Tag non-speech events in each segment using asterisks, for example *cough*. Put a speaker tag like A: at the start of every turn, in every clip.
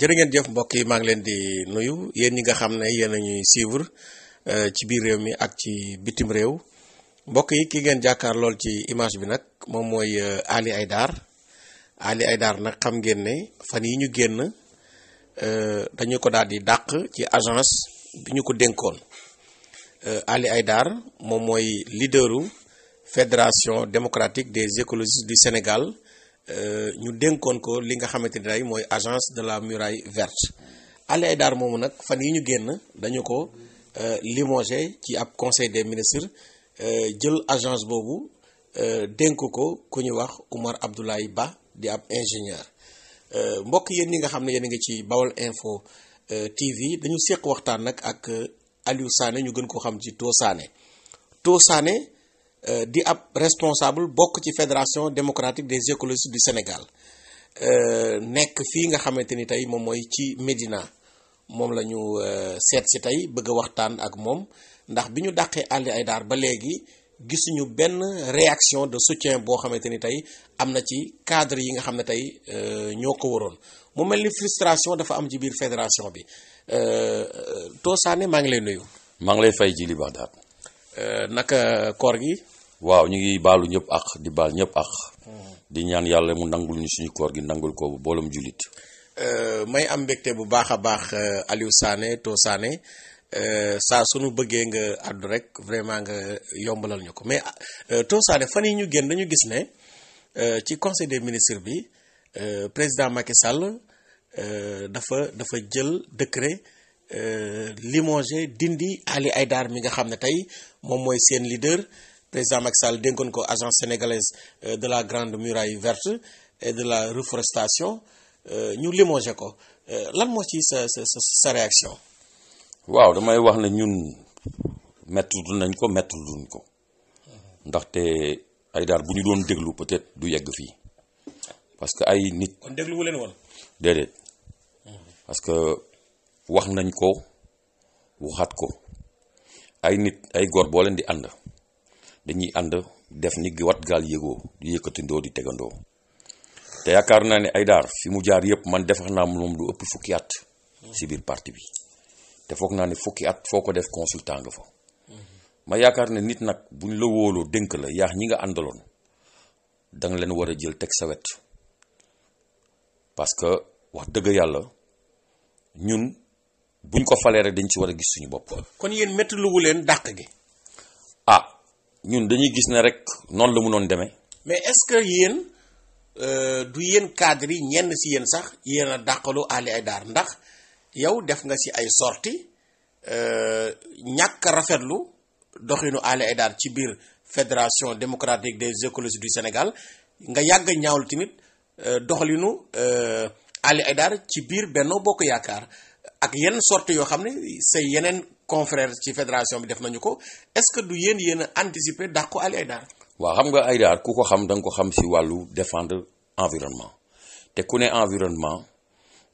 A: jërë jëf mbokk yi maa ngi leen di nuyu yéen ñi nga xam ne yéen a ñuy suivre euh, ci biir réew mi ak ci bitim réew mbokk yi ki ngeen jàkkaar lool ci image bi nag moom mooy euh, Ali Haïdar Ali Haïdar nag xam ngeen ne fan yi ñu génn euh, dañu ko daal di dàq ci agence bi ñu ko dénkoon Ali Haïdar moom mooy leaderu fédération démocratique des écologistes du Sénégal Euh, ñu dénkoon ko li nga xamante ni day mooy agence de la muraille verte Ali Haïdar moomu nag fan yi ñu génn dañu ko euh, limogé ci ab conseil des ministres euh, jël agence boobu dénk ko ku ñuy wax Oumar Abdoulaye Ba di ab ingénieur mbokk yéen yi nga xam ne yéen a ngi ci Bawol Info TV dañu seq waxtaan nag ak Aliou Sané ñu gën koo xam ci To Sané To Sané Euh, di ab responsable bokk ci fédération démocratique des écologistes du Sénégal euh, nekk fii nga xamante ni tey moom mooy ci Médina moom la ñu euh, seet si tey bëgg waxtaan ak moom ndax bi ñu dàqee ay Aïdar ba léegi gisuñu benn réaction de soutien boo xamante ni tey am na ci cadre yi nga xam ne tey ñoo ko waroon mu mel ni frustration dafa am ci biir fédération bi Tho Sané maa ngi lay nuyu.
B: maa ngi lay fay jii li baax daal
A: Euh, naka koor gi.
B: waaw ñu ngi baalu ñëpp ak di baal ñëpp ak di ñaan yàlla mu nangul suñu koor gi nangul ko boolam jullit.
A: Euh, may am mbégte bu baax a baax euh, Aliou Sané To Sané saa suñu bëggee nga àddu rek vraiment nga yombalal ñu ko mais To Sané fan yi ñu génn dañu gis ne ci conseil des ministres bi président Macky Sall dafa dafa jël décret. Euh, limogé dindi Ali Haïdar mi nga xam ne tey moom mooy seen leader président Macky Sall dénkoon ko agent sénégalaise euh, de la grande muraille verte et de la reforestation euh, ñu limogé ko lan moo ci sa sa sa réaction.
B: waaw damay wax ne ñun méttiwul nañ ko méttiwuñ ko ndaxte Haïdar bu ñu doon déglu peut-être du yegg fii parce que ay nit. kon dégluwu leen woon. déedéet parce wax nañ ko waxaat ko ay nit ay góor boo leen di ànd dañuy ànd def ni wat gaal yëgoo di yëkkatindoo di tegandoo te yaakaar naa ne ay daar fi mu jaar yëpp man defax naa moom lu ëpp fukki at si biir parti bi te foog naa ne fukki at foo ko def consultant nga fa ma yaakaar na nit nag buñ la wóoloo dénk la yaax ñi nga àndaloon danga leen war a jël teg sa wet parce que wax dëgg yàlla ñun buñ ko falee rek dañ ci war a gis suñu bopp.
A: kon yéen métti luwu leen dàq
B: gi. ah ñun dañuy gis ne rek noonu la mu noon demee.
A: mais est-ce que yéen euh, du yéen cadre yi ñenn si yéen sax yéen a dàqalu Ali Haïdar ndax yow def nga si ay sorti euh, ñàkk euh, rafetlu doxinu Ali Haïdar ci biir fédération démocratique des écologistes du Sénégal nga yàgg ñaawlu tamit euh, doxalinu euh, Ali Haïdar ci biir Benno Bokk Yaakaar ak yenn sorte yoo xam ne say yeneen confrère ci fédération bi def nañu ko est-ce que du yéen yéen a anticiper dàq ko Ali Haïdar
B: waaw xam nga Haïdar ku ko xam da nga ko xam si wàllu défendre environnement te ku ne environnement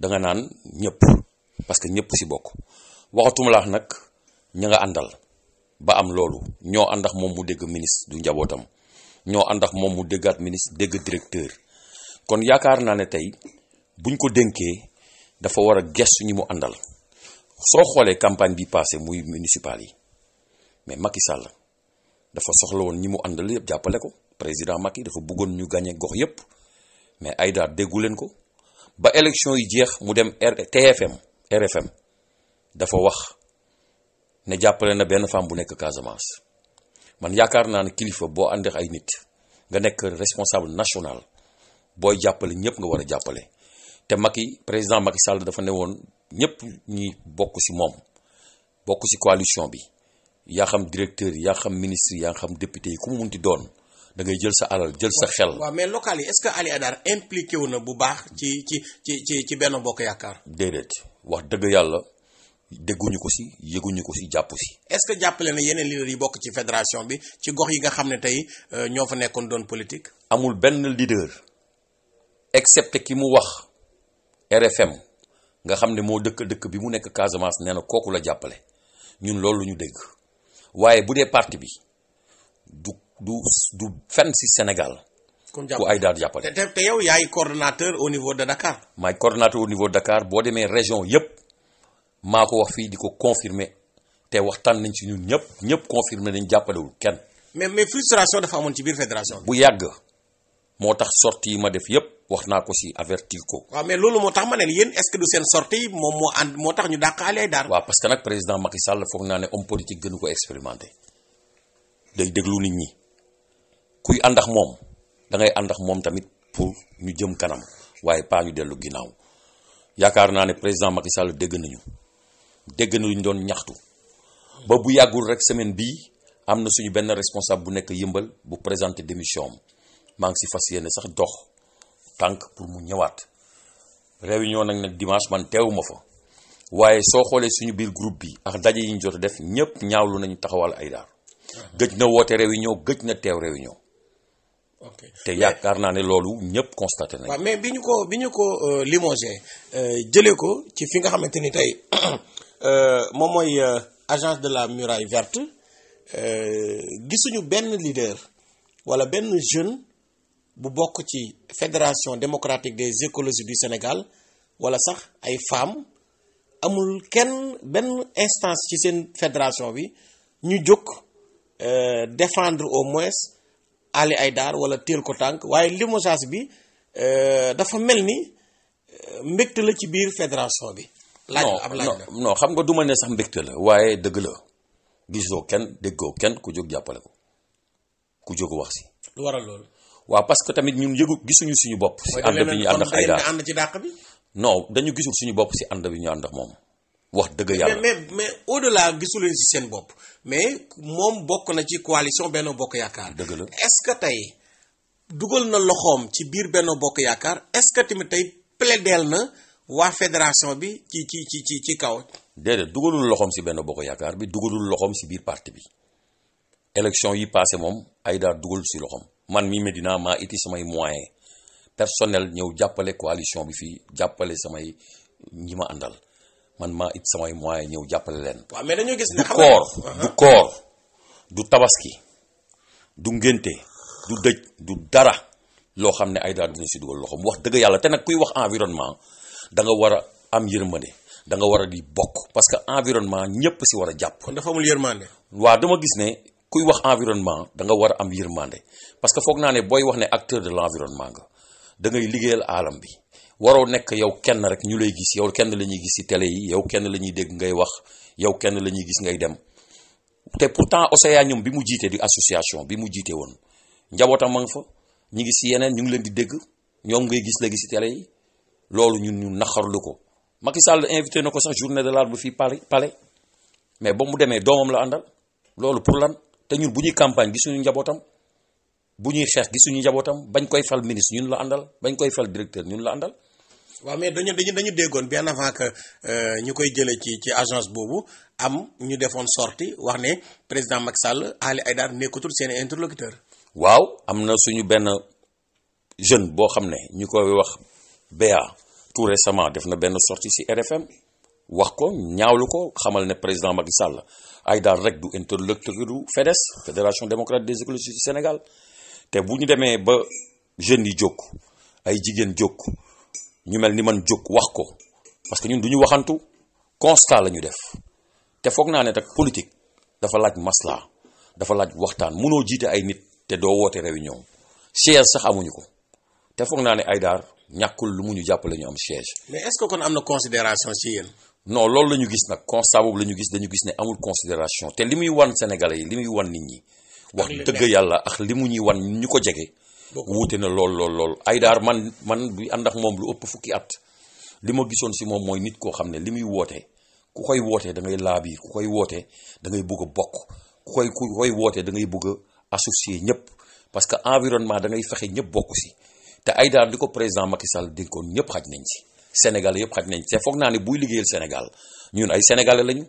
B: da nga naan ñëpp parce que ñëpp si bokk waxatuma nag ña nga àndal ba am loolu ñoo àndax moom mu dégg ministre du njabootam ñoo àndax moom mu déggaat ministre dégg directeur kon yaakaar naa ne tey buñ ko dénkee dafa war a gestu ñi mu àndal soo xoolee campagne bi passé muy municipal yi mais Macky Sall dafa soxla woon ñi mu àndal yëpp jàppale ko président yi dafa bëggoon ñu gagné gox yëpp mais Aïda déggu leen ko ba élection yi jeex mu dem TFM RFM dafa wax ne jàppale na benn femme bu nekk Casamance man yaakaar naa ne kilifa boo àndeex ay nit nga nekk responsable national booy jàppale ñëpp nga war a jàppale. te Macky président Macky Sall dafa ne woon ñëpp ñi bokk si moom bokk ci coalition bi yaa xam directeur yaa xam ministre yaa xam député yi ku mu munti doon da ngay jël sa alal jël sa xel.
A: waaw mais local yi est-ce que Ali Adar impliqué wu na bu baax ci ci ci ci ci benn bokk yaakaar.
B: déedéet wax dëgg yàlla dégguñu ko si yëguñu ko si jàpp si.
A: est-ce que jàppale na yeneen leader yi bokk ci fédération bi ci gox yi nga xam ne tey euh, ñoo fa nekkoon doon politique.
B: amul benn leader excepté RFM nga xam ne moo dëkk dëkk bi mu nekk Casamance nee na kooku la jàppale ñun loolu ñu dégg waaye bu dee parti bi du du du fenn si Sénégal. kon jàppale ku ay daal jàppale. te te yow yaay coordonnateur au niveau de Dakar. maay coordonnateur au niveau de Dakar boo demee région yëpp maa ko wax fii di ko confirmer te waxtaan nañ si ñun ñëpp ñëpp confirmer nañ jàppalewul kenn.
A: mais mais frustration dafa amoon ci biir fédération
B: bu yàgg. moo tax sortie yi ma def yépp wax naa ko si avertir ko. waaw mais loolu moo tax ma ne yéen est-ce que du seen sortie moom moo ànd moo tax ñu dàq Alioune Dar. waaw parce que nag président Macky Sall foog naa ne homme politique gënu ko expérimenté day déglu nit ñi kuy ànd ak moom da ngay ànd ak moom tamit pour ñu jëm kanam waaye paa ñu dellu ginnaaw yaakaar naa ne président Macky Sall dégg nañu dégg na doon ñaxtu ba bu yàggul rek semaine bii am na suñu benn responsable bu nekk yëmbal bu présenté démission maa ngi si fas yéene sax dox tànk mu ñëwaat réunion nag nag dimanche man teewuma fa waaye soo xoolee suñu biir groupe bi ak daje yi ñu jot def ñëpp ñaawlu nañu taxawal ay daar ah. gëj na woote réunion gëj na teew réunion. ok te yaakaar naa ne loolu ñëpp constaté nañu.
A: mais bi ñu ko bi ñu ko euh, limogé euh, jëlee ko ci fi nga xamante ni tey *coughs* euh, moom mooy agence de la muraille verte gisuñu benn leader wala benn jeune. bu bokk ci fédération démocratique des écologistes du Sénégal wala sax ay femmes amul kenn benn instance ci seen fédération bi ñu jóg euh, defendre au moins ay daar wala téel ko tànk waaye limogeage bi euh, dafa mel ni euh, mbégte la ci biir fédération bi. laaj ab laaj
B: non xam nga du ma ne sax mbégte la waaye dëgg la gisoo kenn déggoo kenn ku jóg jàppale ko ku jóg wax si. lu waral loolu. waaw parce que tamit ñun yëgu gisuñu suñu bopp si ànd bi ñu ànd ak Aïda ànd ci dàq bi non dañu gisul suñu bopp si ànd bi ñu ànd ak moom wax dëgg yàlla
A: mais mais au delà gisu leen si seen bopp mais moom bokk na ci coalition Benno Bokk Yaakaar dëgg la est-ce que tey dugal na loxoom ci biir Benno Bokk Yaakaar est-ce que tamit tey plaideel na waa fédération
B: bi ci ci ci ci ci kaw déedéet dugalul loxoom si Benno Bokk Yaakaar bi dugalul loxoom si biir parti bi élection yi passé moom Aïda dugal si loxoom man mi Medina maa iti samay moyen personnel ñëw jàppale coalition bi fii jàppale samay ñi ma àndal man maa it samay moyen ñëw jàppale leen. waaw mais dañoo gis ne xam du uh-huh. koor du tabaski du ngénte du dëj du dara loo xam ne ay dara dina si dugal loxo mu wax dëgg yàlla te nag kuy wax environnement da nga war a am yërmande da nga war a di bokk parce que environnement ñëpp si war a jàpp. kon dama gis ne. kuy wax environnement da nga war a am yërmande parce que foog naa ne booy wax ne acteur de l'environnement nga da ngay liggéeyal aalam bi waroo nekk yow kenn rek ñu lay gis yow kenn la ñuy gis si tele yi yow kenn la ñuy dégg ngay wax yow kenn la ñuy gis ngay dem te pourtant ñoom bi mu jiitee di association bi mu jiitee woon njawootam ma nga fa ñu ngi ci yeneen ñu ngi leen di dégg ñoom ngay gis la gis télé yi loolu ñun ñu naxarlu ko Macky Sall invité na ko sax journée de l'arbre fii Palais Palais mais ba mu demee doomam la àndal te ñun bu ñuy campagne gisuñu njabootam bu ñuy xeex gisuñu njabootam bañ koy fal ministre ñun la àndal bañ koy fal directeur ñun la àndal.
A: waaw mais dañu dañu dañu déggoon benn avant que euh, ñu koy jëlee ci ci agence boobu am ñu defoon sorti wax ne président Macky Sall Ali Aïdar nekkatul seen interlocuteur.
B: waaw am na suñu benn jeune boo xam ne ñu koy wax BA tout récemment def na benn sortie ci RFM. wax ko ñaawlu ko xamal ne président Macky Sall ay daal rek du interlocuteur du FEDES fédération démocratique des écologistes du Sénégal te bu ñu demee ba jeunes yi jóg ay jigéen jóg ñu mel ni man jóg wax ko parce que ñun du ñu waxantu constat la ñu def te foog naa ne tak politique dafa laaj maslaa dafa laaj waxtaan mënoo jiite ay nit te doo woote réunion siège sax amuñu ko te foog naa ne ay daar ñàkkul lu mu ñu jàppale ñu am siège.
A: mais est-ce que kon am na considération
B: ci non loolu la ñu gis nag constat boobu lañu gis dañu gis ne amul considération te li muy wan sénégalais yi li muy wan nit ñi wax dëgg yàlla ak li mu ñuy wan ñu ko jege wuute na lool lool lool Aïdar man man bi ànd ak moom lu ëpp fukki at li ma gisoon si moom mooy nit koo xam ne li muy wootee ku koy wootee da ngay laa biir ku koy wootee dangay bugg bokk ku koy ku koy wootee da ngay bëgg a associer ñëpp parce que environnement da ngay fexe ñëpp bokk si te Aïdar di ko président Macky Sall dénkoon ñëpp xaj nañ si Sénégal yëpp xaj nañ te foog naa ne buy liggéeyal Sénégal ñun ay sénégalais lañu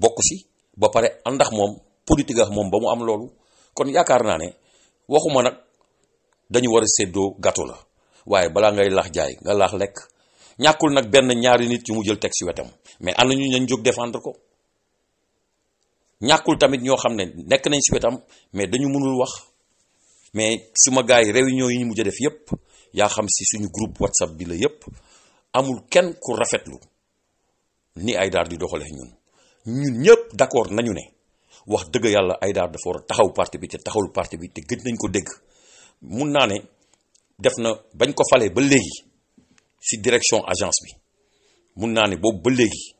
B: bokk si ba pare ànd moom politique ak moom ba mu am loolu kon yaakaar naa ne waxuma nag dañu war a séddoo gâteau la waaye balaa ngay laax jaay nga laax lekk ñàkkul nag benn ñaari nit yu mu jël teg si wetam mais am nañu nañ jóg défendre ko ñàkkul tamit ñoo xam ne nekk nañ si wetam mais dañu mënul wax mais suma gars yi réunion yi ñu mujj a def yépp yaa xam si suñu groupe whatsapp bi la yépp amul kenn ku rafetlu ni Aïdar di doxalee ñun ñun ñëpp d'accord nañu ne wax dëgg yàlla Aïdar dafa war a taxaw parti bi te taxawul parti bi te gëj nañ ko dégg mun naa ne def na bañ ko falee ba léegi ci direction agence bi mun naa ne boobu ba léegi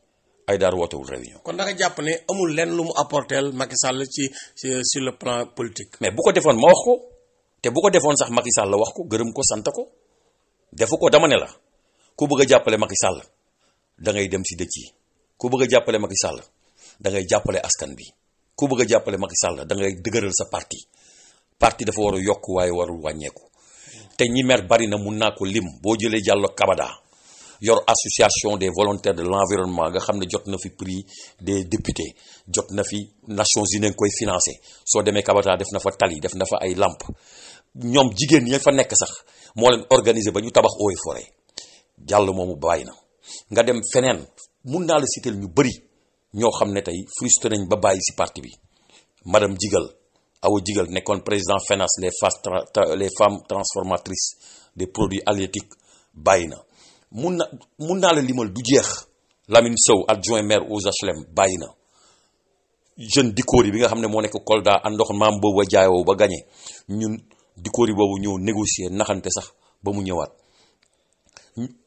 B: Aïdar wootewul réunion.
A: kon da jàpp ne amul lenn lu mu apporteel Macky
B: Sall ci sur le plan politique. mais bu ko defoon ma wax ko te bu ko defoon sax Macky Sall la wax ko gërëm ko sant ko defu ko dama ne la. ku bëgg a jàppale Macky Sall dangay dem si dëkk yi ku bëgg a jàppale Macky Sall da ngay jàppale askan bi ku bëgg jàppale Macky Sall da ngay dëgëral sa parti parti dafa war a yokk waaye warul wàññeeku te ñi mer bari na mun naa ko lim boo jëlee Diallo Kabada yor association de volontaires de l'environnement nga xam ne jot na fi prix de députés jot na fi Nations Unies nga koy financé soo demee Kabata def na fa tali def na fa ay làmp ñoom jigéen ñi fa nekk sax moo leen organiser ba ñu tabax eaux et forêt jàll moomu bàyyi na nga dem feneen mun naa la citer ñu bëri ñoo xam ne tey frustré nañ ba bàyyi si parti bi madame Jigal Awa Jigal nekkoon président FENAS les femmes les femmes transformatrices des produits halieutiques bàyyi na mun na mun naa la limal du jeex Lamine Sow adjoint maire aux HLM bàyyi na jeune dikkoori bi nga xam ne moo nekk Kolda àndox maam boobu ba jaayoo ba gañe ñun dikkoori boobu ñëw négocier naxante sax ba mu ñëwaat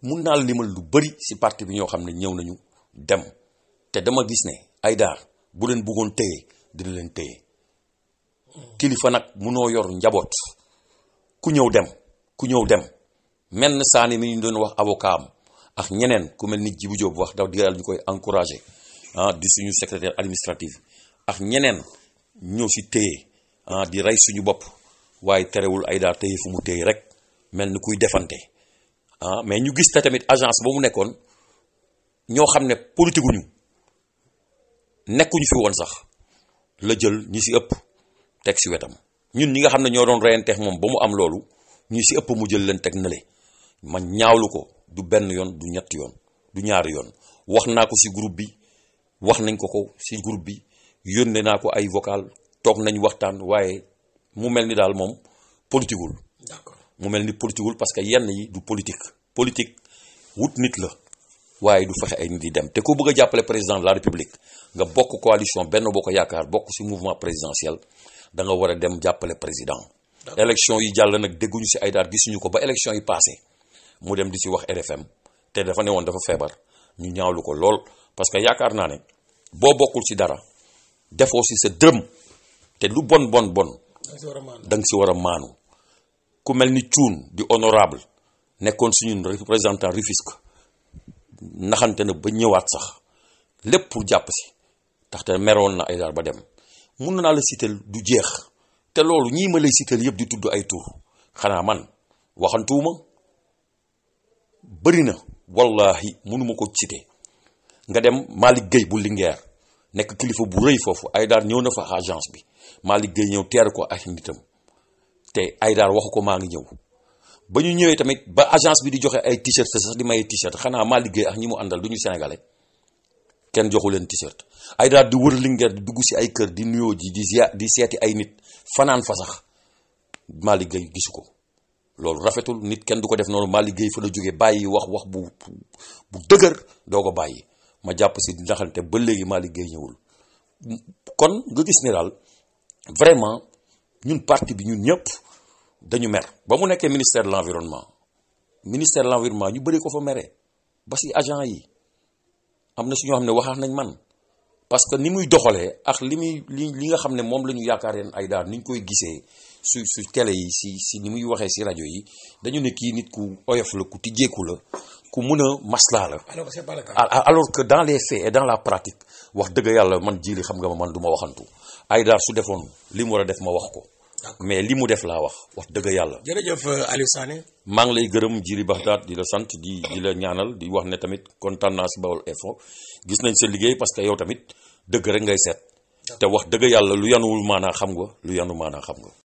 B: mun naa limal lu bëri si parti bi ñoo xam ne ñëw nañu dem te dama gis ne ay bu leen bëggoon téye dina leen téye kilifa nag munoo yor njaboot ku ñëw dem ku ñëw dem menn saani mi ñu doon wax avocat am ak ñeneen ku mel ni Djibu Diop wax daw di yàlla ñu koy encouragé ah, di suñu secrétaire administratif ak ñeneen ñëw si téye ah di rey suñu bopp waaye terewul aydaar daar téye fu mu téye rek mel ni kuy defante ah mais ñu gis te tamit agence ba mu nekkoon ñoo xam ne politique ñu nekkuñu fi woon sax la jël ñu si ëpp teg si wetam ñun ñi nga xam ne ñoo doon reyanteex moom ba mu am loolu ñu si ëpp mu jël leen teg nële ma ñaawlu ko du benn yoon du ñetti yoon du ñaari yoon wax naa ko si groupe bi wax nañ ko ko si groupe bi yónnee naa ko ay vocal toog nañ waxtaan waaye mu mel ni daal moom politiqueul mu mel ni politique parce que yenn yi du politique politique wut nit la waaye du fexe ay nit di dem te ko bëgg a jàppale président la république nga bokk coalition benn boo ko yaakaar bokk si mouvement présidentiel da war a dem jàppale président. élection yi jàll nag dégguñu ci ay daal gisuñu ko ba élection yi passé mu dem di ci wax RFM te dafa ne woon dafa feebar ñu ñaawlu ko lool parce que yaakaar naa ne boo bokkul si dara defoo ci sa dërëm te lu bon bon bon. da nga ci war a maanu. ku mel ni cuun di honorable nekkoon suñu représentant Rufisque naxante na ba ñëwaat sax lépp pour jàpp si taxte meroon na ay daal ba dem mun na naa la sital du jeex te loolu ñii ma lay sital yëpp di tudd ay tur xanaa man waxantuwuma bëri na wallahi mënuma ko cité nga dem maa liggéey bu Linguère nekk kilifa bu rëy foofu ay daal ñëw na fa agence bi maa liggéey ñëw teer ko ak nitam te Aïdar waxu ko maa ngi ñëw ba ñu ñëwee tamit ba agence bi di joxe ay t-shirt sax di may t-shirt xanaa maa liggéey ak ñi mu àndal du ñu kenn joxu leen t-shirt Aïdar di wër Linguère dugg si ay kër di nuyoo ji di di seeti ay nit fanaan fa sax maa liggéey gisu ko loolu rafetul nit kenn du ko def noonu maa liggéey fa la jógee bàyyi wax wax bu bu dëgër doo ko bàyyi ma jàpp si ndaxante ba léegi maa liggéey ñëwul kon nga gis ne daal vraiment ñun parti bi ñun ñëpp. dañu mer ba mu nekkee ministère de l'environnement ministère de l'environnement ñu bëri ko fa mere ba si agent yi am na si ñoo xam ne waxaat nañ man parce que ni muy doxalee ak li muy li li nga xam ne moom la ñu yaakaareen ay daal ni ñu koy gisee su su télé yi si si ni muy waxee si rajo yi dañu ne kii nit ku oyof la ku tijjeeku la ku mun a maslaa la. alors que alors que dans les faits et dans la pratique wax dëgg yàlla man jii xam nga ma man du ma waxantu ay daal su defoon li mu war a def ma wax ko. mais li mu def laa wax wax dëgg yàlla.
A: jërëjëf euh, Aliou Sané.
B: maa ngi lay gërëm Jiri Baxdaat di la sant di di la ñaanal di wax ne tamit kontaan naa si Baol Info gis nañ sa liggéey parce que yow tamit dëgg rek ngay seet. te wax dëgg yàlla lu yanuwul maanaa xam nga lu yanu maanaa xam nga.